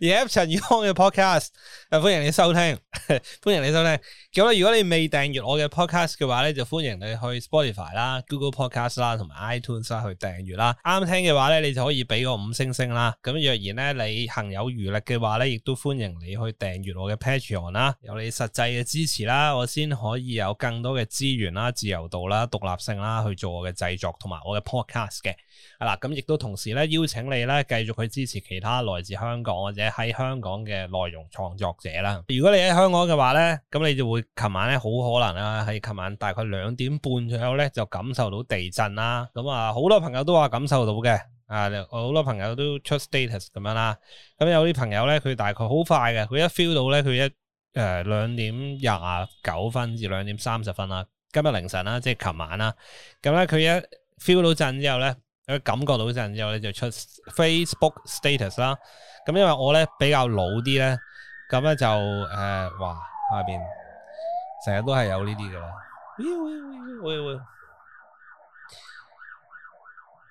而《陳宇康嘅 Podcast》，歡迎你收聽，歡迎你收聽。咁如果你未訂閱我嘅 Podcast 嘅話咧，就歡迎你去 Spotify 啦、Google Podcast 啦、同埋 iTunes 啦去訂閱啦。啱聽嘅話咧，你就可以俾個五星星啦。咁若然咧你行有餘力嘅話咧，亦都歡迎你去訂閱我嘅 Patreon 啦，有你實際嘅支持啦，我先可以有更多嘅資源啦、自由度啦、獨立性啦去做我嘅製作同埋我嘅 Podcast 嘅。嗱，咁亦都同時咧邀請你咧繼續去支持其他來自香港。或者喺香港嘅內容創作者啦，如果你喺香港嘅話咧，咁你就會琴晚咧好可能啦，喺琴晚大概兩點半左右咧就感受到地震啦。咁啊好多朋友都話感受到嘅，啊好多朋友都出 status 咁樣啦。咁有啲朋友咧佢大概好快嘅，佢一 feel 到咧佢一誒呃兩點廿九分至兩點三十分啦，今日凌晨啦，即係琴晚啦。咁咧佢一 feel 到震之後咧。感覺到嗰陣之後咧就出 Facebook status 啦，咁因為我咧比較老啲咧，咁咧就誒、呃，哇下邊成日都係有呢啲嘅喇，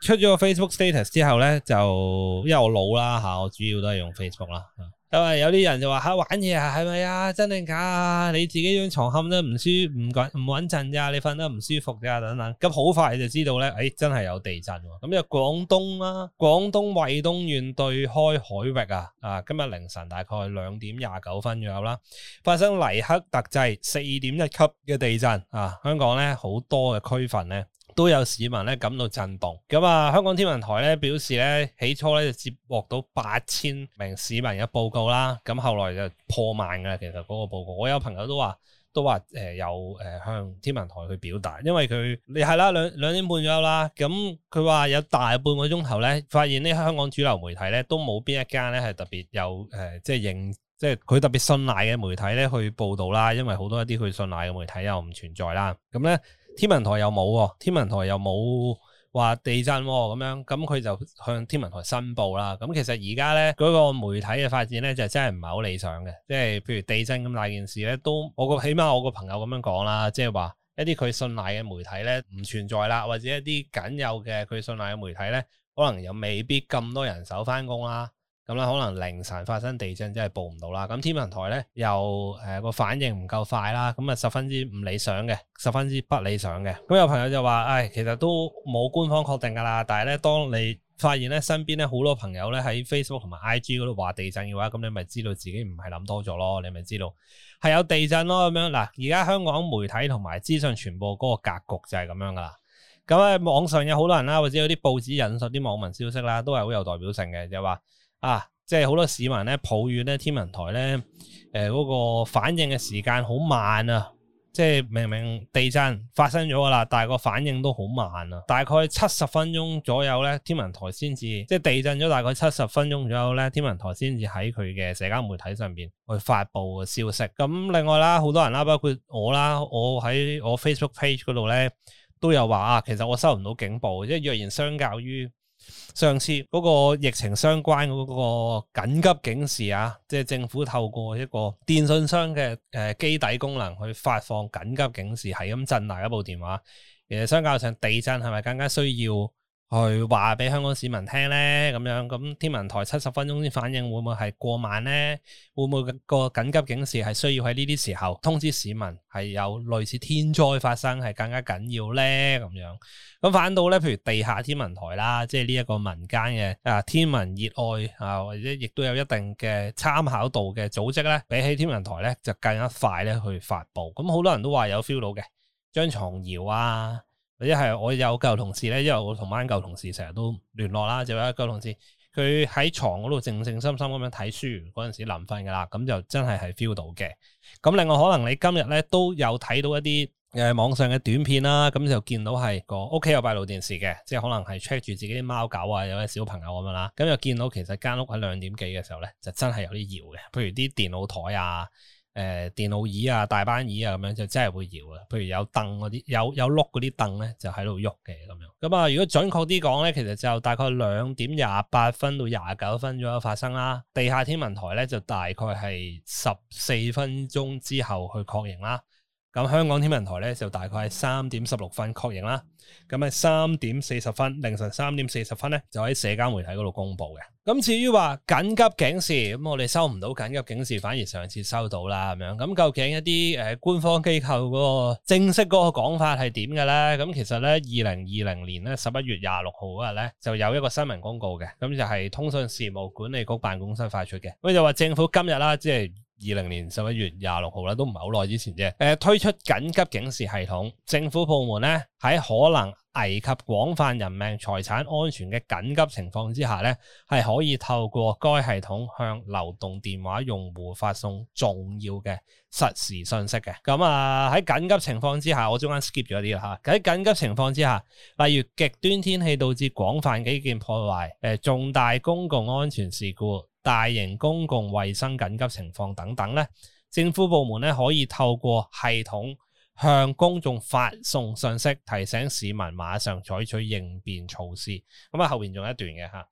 出咗個 Facebook status 之後咧就因為我老啦吓，我主要都係用 Facebook 啦。有啲人就話吓玩嘢啊，係咪啊？真定假啊？你自己張床冚得唔舒唔穩唔穩陣噶？你瞓得唔舒服噶？等等，咁好快就知道咧，誒，真係有地震。咁就廣東啦，廣東惠東縣對開海域啊，啊，今日凌晨大概兩點廿九分左右啦，發生黎克特制四點一級嘅地震啊！香港咧好多嘅區份咧。都有市民咧感到震動，咁、嗯、啊、嗯，香港天文台咧表示咧，起初咧接獲到八千名市民嘅報告啦，咁、嗯、後來就破萬嘅，其實嗰個報告，我有朋友都話，都話誒有誒向天文台去表達，因為佢你係啦兩兩點半左右啦，咁佢話有大半個鐘頭咧，發現呢香港主流媒體咧都冇邊一間咧係特別有誒、呃、即係認，即係佢特別信賴嘅媒體咧去報道啦，因為好多一啲佢信賴嘅媒體又唔存在啦，咁、嗯、咧。嗯天文台又冇喎，天文台又冇話地震咁樣，咁佢就向天文台申報啦。咁其實而家咧嗰個媒體嘅發展咧，就真係唔係好理想嘅，即係譬如地震咁大件事咧，都我個起碼我個朋友咁樣講啦，即係話一啲佢信賴嘅媒體咧唔存在啦，或者一啲僅有嘅佢信賴嘅媒體咧，可能又未必咁多人手翻工啦。咁、嗯、可能凌晨發生地震，真係報唔到啦。咁天文台咧又誒個、呃、反應唔夠快啦，咁啊，十分之唔理想嘅，十分之不理想嘅。咁有朋友就話，唉、哎，其實都冇官方確定噶啦。但係咧，當你發現咧身邊咧好多朋友咧喺 Facebook 同埋 IG 嗰度話地震嘅話，咁你咪知道自己唔係諗多咗咯。你咪知道係有地震咯。咁樣嗱，而家香港媒體同埋資訊傳播嗰個格局就係咁樣噶啦。咁啊，網上有好多人啦，或者有啲報紙引述啲網民消息啦，都係好有代表性嘅，就話。啊，即係好多市民咧抱怨咧天文台咧，呃，嗰個反應嘅時間好慢啊！即係明明地震發生咗噶啦，但係個反應都好慢啊！大概七十分鐘左右咧，天文台先至即係地震咗大概七十分鐘左右咧，天文台先至喺佢嘅社交媒體上邊去發布嘅消息。咁另外啦，好多人啦，包括我啦，我喺我 Facebook page 嗰度咧都有話啊，其實我收唔到警報，即係若然相較於。上次嗰個疫情相關嗰個緊急警示啊，即、就是、政府透過一個電信商嘅基底功能去發放緊急警示，係咁震大一部電話。其實相較上地震係咪更加需要？去話俾香港市民聽咧，咁樣咁天文台七十分鐘先反應會唔會過晚呢？會唔會係過慢咧？會唔會個緊急警示係需要喺呢啲時候通知市民係有類似天災發生係更加緊要咧？咁樣咁反倒咧，譬如地下天文台啦，即係呢一個民間嘅啊天文熱愛啊，或者亦都有一定嘅參考度嘅組織咧，比起天文台咧就更加快咧去發布。咁好多人都話有 feel 到嘅，張松耀啊。一係我有舊同事咧，因為我同班舊同事成日都聯絡啦，就有一舊同事佢喺床嗰度靜靜心心咁樣睇書，嗰陣時臨瞓噶啦，咁就真係係 feel 到嘅。咁另外可能你今日咧都有睇到一啲誒網上嘅短片啦，咁就見到係個屋企有閉路電視嘅，即係可能係 check 住自己啲貓狗啊，有啲小朋友咁樣啦，咁又見到其實間屋喺兩點幾嘅時候咧，就真係有啲搖嘅，譬如啲電腦枱啊。誒、呃，電腦椅啊，大班椅啊，咁樣就真係會搖啦。譬如有凳嗰啲，有有碌嗰啲凳咧，就喺度喐嘅咁樣。咁啊，如果準確啲講咧，其實就大概兩點廿八分到廿九分左右發生啦。地下天文台咧就大概係十四分鐘之後去確認啦。咁香港天文台呢就大概係三點十六分確認啦，咁啊三點四十分，凌晨三點四十分呢，就喺社交媒體嗰度公布嘅。咁至於話緊急警示，咁，我哋收唔到緊急警示，反而上次收到啦咁樣。咁究竟一啲誒、呃、官方機構嗰個正式嗰個講法係點嘅咧？咁其實咧二零二零年，咧十一月廿六號嗰日咧就有一個新聞公告嘅，咁就係通訊事務管理局辦公室發出嘅。咁就話政府今日啦，即係。二零 年十一月廿六號，都唔係好耐之前啫，推出緊急警示系統，政府部門咧喺可能危及廣泛人命財產安全嘅緊急情況之下咧，係可以透過該系統向流動電話用戶發送重要嘅實時信息嘅。咁啊喺緊急情況之下，我中間 skip 咗啲喇。喺緊急情況之下，例如極端天氣導致廣泛基建破壞，重大公共安全事故，大型公共衞生緊急情況等等咧，政府部門咧可以透過系統向公眾發送信息，提醒市民馬上採取應變措施。咁啊，後邊仲有一段嘅吓，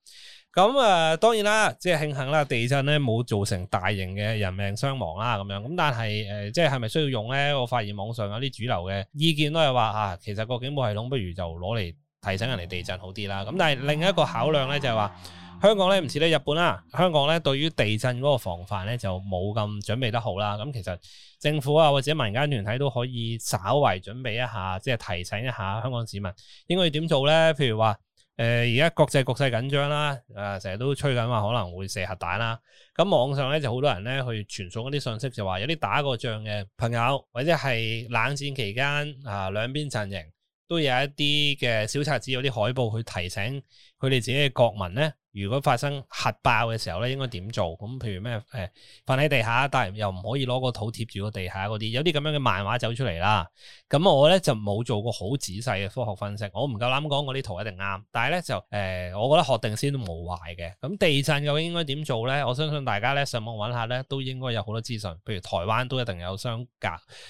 咁啊，當然啦，即係慶幸啦，地震咧冇造成大型嘅人命傷亡啦咁樣。咁但係誒，即係係咪需要用咧？我發現網上有啲主流嘅意見都係話啊，其實個警報系統不如就攞嚟提醒人哋地震好啲啦。咁但係另一個考量咧就係話。香港呢，唔似日本啦，香港呢，對於地震嗰個防範呢，就冇咁準備得好啦。咁其實政府啊或者民間團體都可以稍微準備一下，即係提醒一下香港市民應該要點做呢？譬如話，誒而家國際局勢緊張啦，誒成日都吹緊話可能會射核彈啦。咁網上呢，就好多人呢去傳送嗰啲信息，就話有啲打過仗嘅朋友或者係冷戰期間啊兩邊陣營都有一啲嘅小冊子，有啲海報去提醒佢哋自己嘅國民呢。如果發生核爆嘅時候咧，應該點做？咁譬如咩？誒、呃，瞓喺地下，但係又唔可以攞個土貼住個地下嗰啲，有啲咁樣嘅漫畫走出嚟啦。咁我咧就冇做過好仔細嘅科學分析，我唔夠膽講我啲圖一定啱。但係咧就誒、呃，我覺得學定先都冇壞嘅。咁地震究竟應該點做咧？我相信大家咧上網揾下咧，都應該有好多資訊。譬如台灣都一定有相隔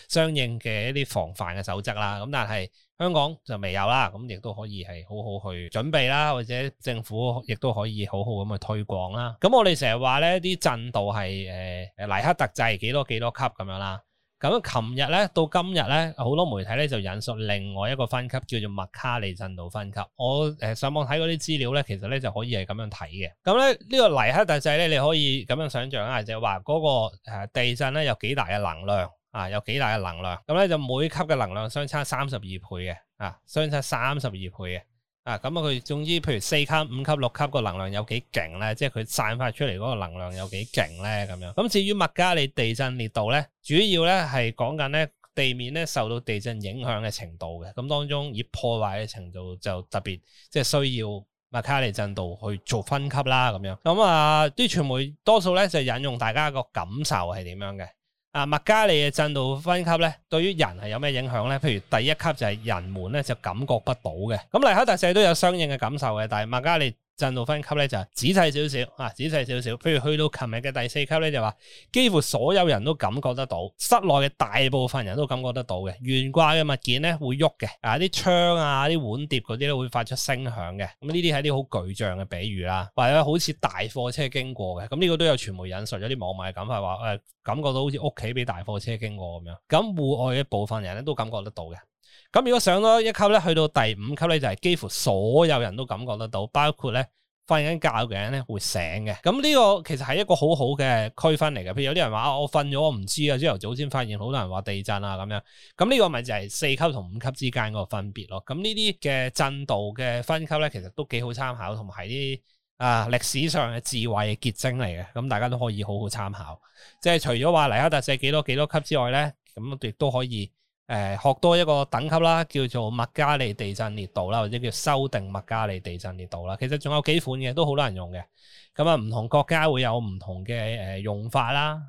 相應嘅一啲防範嘅守則啦。咁但係。香港就未有啦，咁亦都可以係好好去準備啦，或者政府亦都可以好好咁去推廣啦。咁我哋成日話咧，啲震度係誒黎克特制幾多幾多級咁樣啦。咁琴日咧到今日咧，好多媒體咧就引述另外一個分級叫做麥卡利震度分級。我上網睇嗰啲資料咧，其實咧就可以係咁樣睇嘅。咁咧呢個黎克特制咧，你可以咁樣想像啊，就係話嗰個地震咧有幾大嘅能量。啊，有幾大嘅能量，咁咧就每級嘅能量相差三十二倍嘅，啊，相差三十二倍嘅，啊，咁啊佢總之譬如四級、五級、六級個能量有幾勁咧，即係佢散發出嚟嗰個能量有幾勁咧，咁樣。咁至於麥加利地震烈度咧，主要咧係講緊咧地面咧受到地震影響嘅程度嘅，咁當中以破壞嘅程度就特別即係需要麥加利震度去做分級啦，咁樣。咁啊啲傳媒多數咧就引用大家個感受係點樣嘅。啊，麥加利嘅震度分級咧，對於人係有咩影響咧，譬如第一級就係人們咧就感覺不到嘅，咁黎克特制都有相應嘅感受嘅，但係麥加利。震度分級咧就係仔細少少啊，仔細少少，譬如去到琴日嘅第四級咧就話，幾乎所有人都感覺得到，室內嘅大部分人都感覺得到嘅，懸掛嘅物件咧會喐嘅，啊啲窗啊、啲碗碟嗰啲咧會發出聲響嘅，咁呢啲係啲好具象嘅比喻啦，或者好似大貨車經過嘅，咁、啊、呢、這個都有傳媒引述咗啲網民嘅感受話，誒、哎，感覺到好似屋企俾大貨車經過咁樣，咁戶外嘅部分人咧都感覺得到嘅。咁如果上咗一級咧，去到第五級咧，就係幾乎所有人都感覺得到，包括咧瞓緊覺嘅人咧會醒嘅。咁呢個其實係一個好好嘅區分嚟嘅。譬如有啲人話我瞓咗，我唔知啊，朝頭早先發現好多人話地震啊咁樣。咁呢個咪就係四級同五級之間嗰個分別咯。咁呢啲嘅震度嘅分級咧，其實都幾好參考，同埋啲啊歷史上嘅智慧嘅結晶嚟嘅。咁大家都可以好好參考。即係除咗話黎克特氏幾多幾多級之外咧，咁亦都可以。誒學多一個等級啦，叫做麥加利地震烈度啦，或者叫修訂麥加利地震烈度啦。其實仲有幾款嘅，都好多人用嘅。咁啊，唔同國家會有唔同嘅誒用法啦。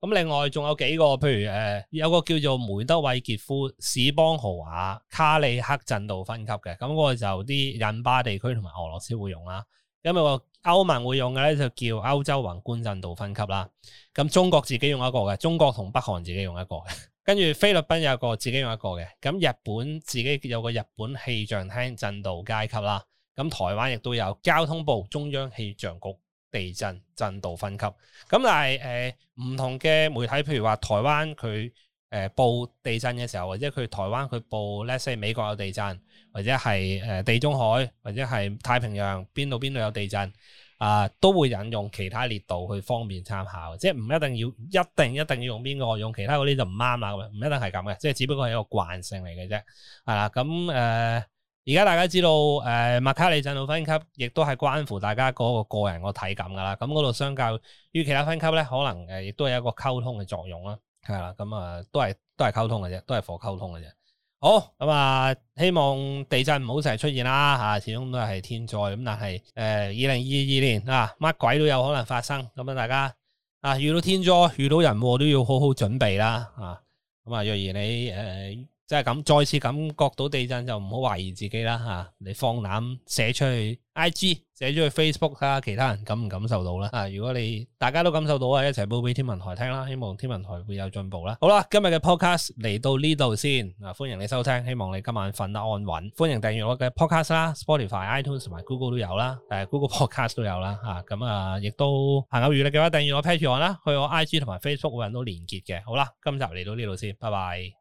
咁另外仲有幾個，譬如誒有個叫做梅德韋傑夫史邦豪瓦卡里克震度分級嘅。咁、那、嗰個就啲印巴地區同埋俄羅斯會用啦。咁啊，歐盟會用嘅咧就叫歐洲宏觀震度分級啦。咁中國自己用一個嘅，中國同北韓自己用一個嘅。跟住菲律賓有一個自己有一個嘅。咁日本自己有個日本氣象廳震度階級啦，咁台灣亦都有交通部中央氣象局地震震度分級，咁但係呃、唔同嘅媒體，譬如話台灣佢誒報地震嘅時候，或者佢台灣佢報，let's say，美國有地震，或者係、呃、地中海，或者係太平洋邊度邊度有地震。啊，都會引用其他列度去方便參考，即係唔一定要一定一定要用邊個，用其他嗰啲就唔啱啦，咁樣唔一定係咁嘅，即係只不過係一個慣性嚟嘅啫。係啦，咁誒，而家大家知道誒麥卡利震度分級，亦都係關乎大家個個個人個體感噶啦。咁嗰度相較於其他分級咧，可能誒亦都係一個溝通嘅作用啦。係啦，咁啊都係都係溝通嘅啫，都係 for 溝通嘅啫。好咁啊，希望地震唔好成日出現啦吓，始終都係天災咁。但係誒，二零二二年啊，乜鬼都有可能發生咁啊！大家啊，遇到天災遇到人禍，都要好好準備啦吓，咁啊，若然你誒，即係咁再次感覺到地震，就唔好懷疑自己啦吓，你放膽寫出去 I G。IG 寫咗去 Facebook 睇下其他人感唔感受到啦啊！如果你大家都感受到啊，一齊報俾天文台聽啦，希望天文台會有進步啦。好啦，今日嘅 podcast 嚟到呢度先啊，歡迎你收聽，希望你今晚瞓得安穩。歡迎訂閱我嘅 podcast 啦，Spotify、iTunes 同埋 Google 都有啦，誒、啊、，Google Podcast 都有啦吓。咁啊，亦、啊、都行有餘力嘅話，訂閱我 Patreon 啦，去我 IG 同埋 Facebook 搵到連結嘅。好啦，今集嚟到呢度先，拜拜。